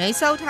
你收聽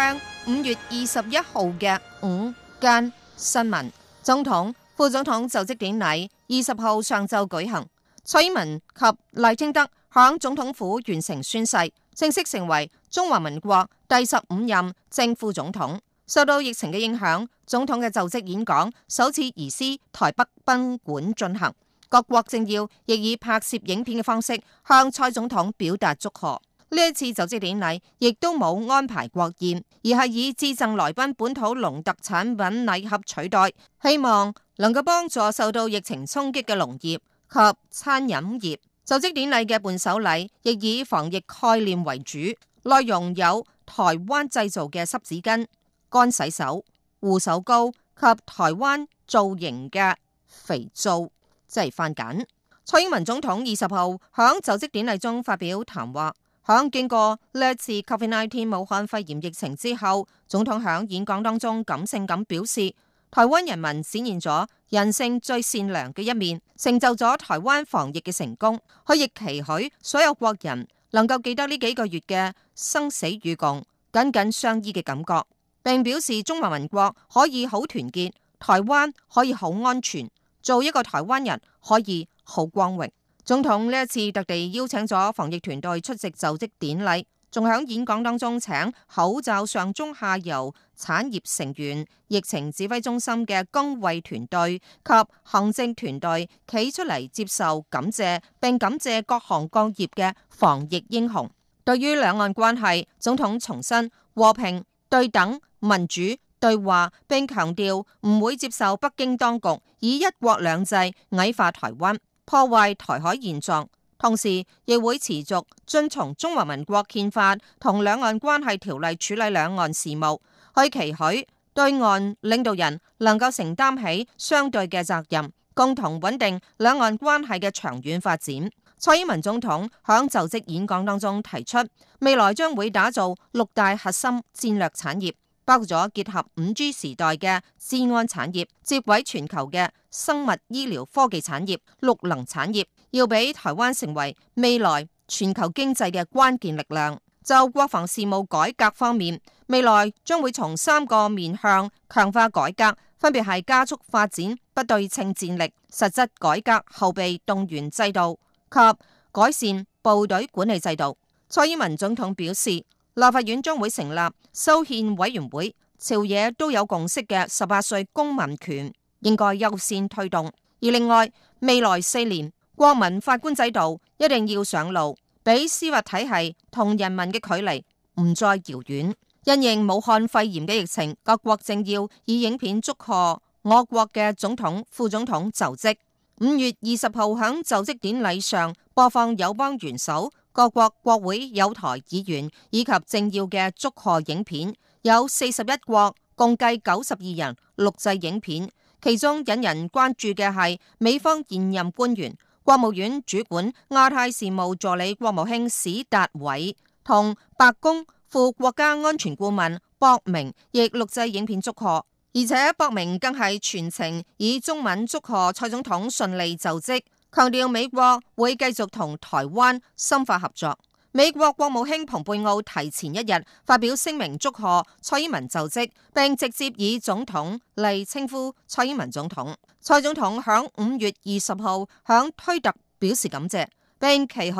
五月二十一號嘅午間新聞。總統、副總統就職典禮二十號上晝舉行，蔡英文及賴清德響總統府完成宣誓，正式成為中華民國第十五任正副總統。受到疫情嘅影響，總統嘅就職演講首次移師台北賓館進行。各國政要亦以拍攝影片嘅方式向蔡總統表達祝賀。呢一次就職典禮亦都冇安排國宴，而係以致贈來賓本土農特產品禮盒取代，希望能夠幫助受到疫情衝擊嘅農業及餐飲業。就職典禮嘅伴手禮亦以防疫概念為主，內容有台灣製造嘅濕紙巾、乾洗手、護手膏及台灣造型嘅肥皂，即係番梘。蔡英文總統二十號響就職典禮中發表談話。喺經過呢次 COVID-19 武漢肺炎疫情之後，總統喺演講當中感性咁表示，台灣人民展現咗人性最善良嘅一面，成就咗台灣防疫嘅成功。佢亦期許所有國人能夠記得呢幾個月嘅生死與共、緊緊相依嘅感覺，並表示中華民國可以好團結，台灣可以好安全，做一個台灣人可以好光榮。總統呢一次特地邀請咗防疫團隊出席就職典禮，仲喺演講當中請口罩上中下游產業成員、疫情指揮中心嘅公衛團隊及行政團隊企出嚟接受感謝，並感謝各行各業嘅防疫英雄。對於兩岸關係，總統重申和平、對等、民主、對話，並強調唔會接受北京當局以一國兩制矮化台灣。破壞台海現狀，同時亦會持續遵從中華民國憲法同兩岸關係條例處理兩岸事務，去期許對岸領導人能夠承擔起相對嘅責任，共同穩定兩岸關係嘅長遠發展。蔡英文總統響就職演講當中提出，未來將會打造六大核心戰略產業。包括咗結合五 G 時代嘅資安產業，接軌全球嘅生物醫療科技產業、綠能產業，要俾台灣成為未來全球經濟嘅關鍵力量。就國防事務改革方面，未來將會從三個面向強化改革，分別係加速發展不對稱戰力、實質改革後備動員制度及改善部隊管理制度。蔡英文總統表示。立法院將會成立修憲委員會，朝野都有共識嘅十八歲公民權應該優先推動。而另外，未來四年國民法官制度一定要上路，俾司法體系同人民嘅距離唔再遙遠。因應武漢肺炎嘅疫情，各國政要以影片祝賀我國嘅總統、副總統就職。五月二十號響就職典禮上播放友邦元首。各國國會有台議員以及政要嘅祝賀影片，有四十一國共計九十二人錄製影片，其中引人關注嘅係美方現任官員、國務院主管亞太事務助理國務卿史達偉同白宮副國家安全顧問博明亦錄製影片祝賀，而且博明更係全程以中文祝賀蔡總統順利就職。強調美國會繼續同台灣深化合作。美國國務卿蓬佩奧提前一日發表聲明祝賀蔡英文就職，並直接以總統嚟稱呼蔡英文總統。蔡總統響五月二十號向推特表示感謝，並期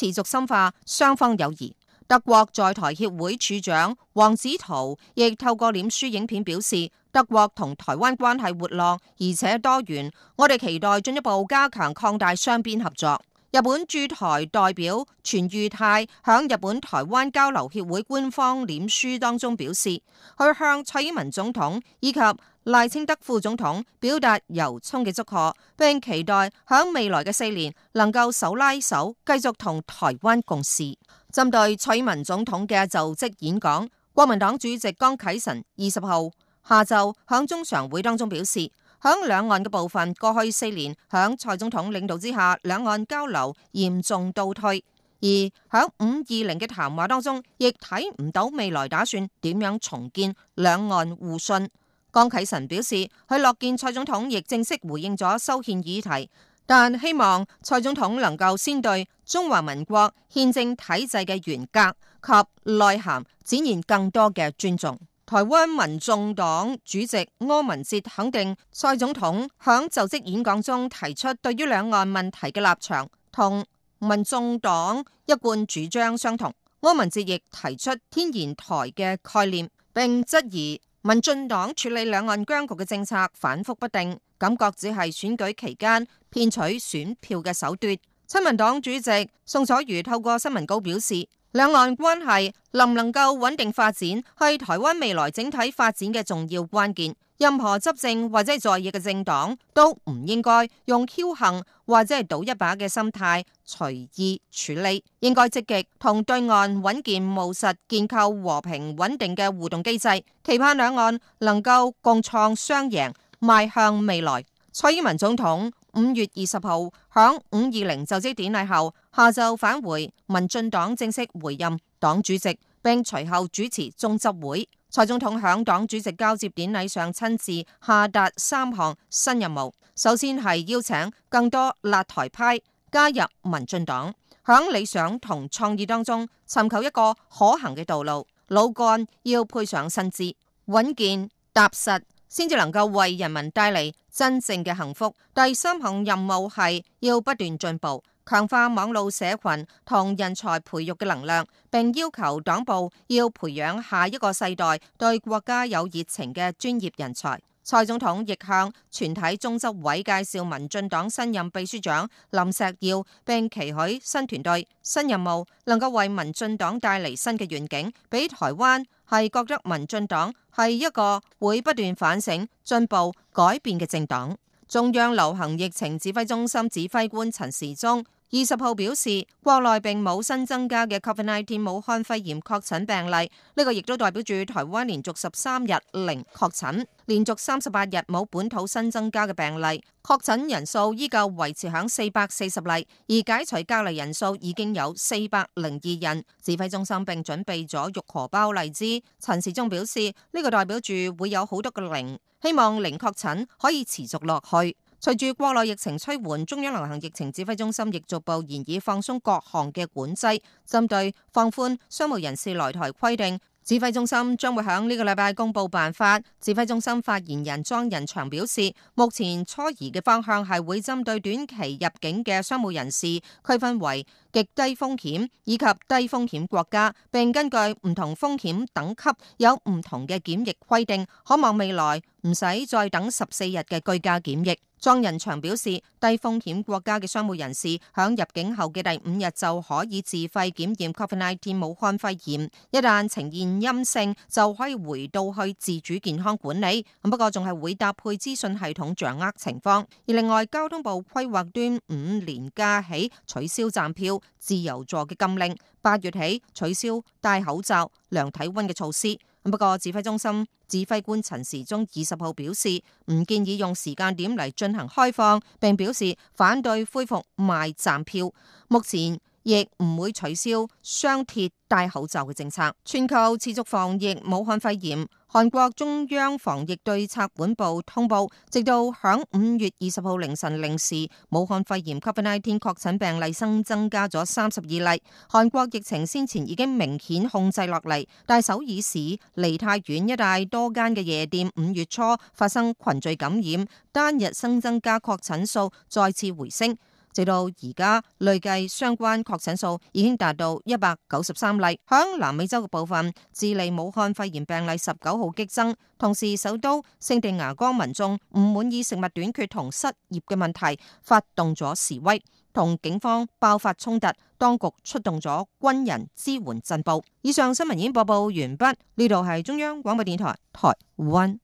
許持續深化雙方友誼。德國在台協會處長王子陶亦透過臉書影片表示，德國同台灣關係活絡而且多元，我哋期待進一步加強擴大雙邊合作。日本駐台代表全裕泰響日本台灣交流協會官方臉書當中表示，佢向蔡英文總統以及賴清德副總統表達由衷嘅祝賀，並期待響未來嘅四年能夠手拉手，繼續同台灣共事。針對蔡英文總統嘅就職演講，國民黨主席江啟臣二十號下晝響中常會當中表示，響兩岸嘅部分，過去四年響蔡總統領導之下，兩岸交流嚴重倒退，而響五二零嘅談話當中，亦睇唔到未來打算點樣重建兩岸互信。江啟臣表示，佢樂見蔡總統亦正式回應咗修憲議題。但希望蔡總統能夠先對中華民國憲政體制嘅原則及內涵展現更多嘅尊重。台灣民眾黨主席柯文哲肯定蔡總統響就職演講中提出對於兩岸問題嘅立場同民眾黨一貫主張相同。柯文哲亦提出天然台嘅概念，並質疑。民進黨處理兩岸僵局嘅政策反覆不定，感覺只係選舉期間騙取選票嘅手段。親民黨主席宋楚瑜透過新聞稿表示，兩岸關係能唔能夠穩定發展，係台灣未來整體發展嘅重要關鍵。任何執政或者在野嘅政黨都唔應該用僥倖或者係賭一把嘅心態隨意處理，應該積極同對岸穩健務實建構和平穩定嘅互動機制，期盼兩岸能夠共創雙贏，邁向未來。蔡英文總統五月二十號響五二零就職典禮後，下晝返回民進黨正式回任黨主席，並隨後主持中執會。蔡總統響黨主席交接典禮上親自下達三項新任務。首先係邀請更多辣台派加入民進黨，響理想同創意當中尋求一個可行嘅道路。老幹要配上薪資穩健踏實，先至能夠為人民帶嚟真正嘅幸福。第三項任務係要不斷進步。強化網路社群同人才培育嘅能量，並要求黨部要培養下一個世代對國家有熱情嘅專業人才。蔡總統亦向全體中執委介紹民進黨新任秘書長林石耀，並期許新團隊、新任務能夠為民進黨帶嚟新嘅願景，俾台灣係覺得民進黨係一個會不斷反省、進步、改變嘅政黨。中央流行疫情指揮中心指揮官陳時中，二十號表示，國內並冇新增加嘅 COVID-19 武漢肺炎確診病例，呢、這個亦都代表住台灣連續十三日零確診，連續三十八日冇本土新增加嘅病例，確診人數依舊維持響四百四十例，而解除隔離人數已經有四百零二人。指揮中心並準備咗玉荷包荔枝，陳時中表示，呢、這個代表住會有好多個零，希望零確診可以持續落去。隨住國內疫情趨緩，中央流行疫情指揮中心亦逐步研議放鬆各項嘅管制，針對放寬商務人士來台規定，指揮中心將會響呢個禮拜公布辦法。指揮中心發言人莊人祥表示，目前初擬嘅方向係會針對短期入境嘅商務人士區分為。極低風險以及低風險國家，並根據唔同風險等級有唔同嘅檢疫規定。可望未來唔使再等十四日嘅居家檢疫。莊仁祥表示，低風險國家嘅商務人士響入境後嘅第五日就可以自費檢驗 COVID-19 武漢肺炎，一旦呈現陰性就可以回到去自主健康管理。不過仲係會搭配資訊系統掌握情況。而另外，交通部規劃端午年加起取消站票，自由座嘅禁令，八月起取消戴口罩、量體溫嘅措施。不過指揮中心指揮官陳時中二十號表示，唔建議用時間點嚟進行開放，並表示反對恢復賣站票。目前。亦唔會取消雙鐵戴口罩嘅政策。全球持續防疫，武漢肺炎，韓國中央防疫對策本部通報，直到響五月二十號凌晨零時，武漢肺炎 COVID-19 確診病例新增加咗三十二例。韓國疫情先前已經明顯控制落嚟，但首爾市梨泰院一帶多間嘅夜店五月初發生群聚感染，單日新增加確診數再次回升。直到而家，累計相關確診數已經達到一百九十三例。響南美洲嘅部分，智利武漢肺炎病例十九號激增，同時首都聖地牙哥民眾唔滿意食物短缺同失業嘅問題發動咗示威，同警方爆發衝突，當局出動咗軍人支援鎮暴，以上新聞已經播報完畢，呢度係中央廣播電台台灣。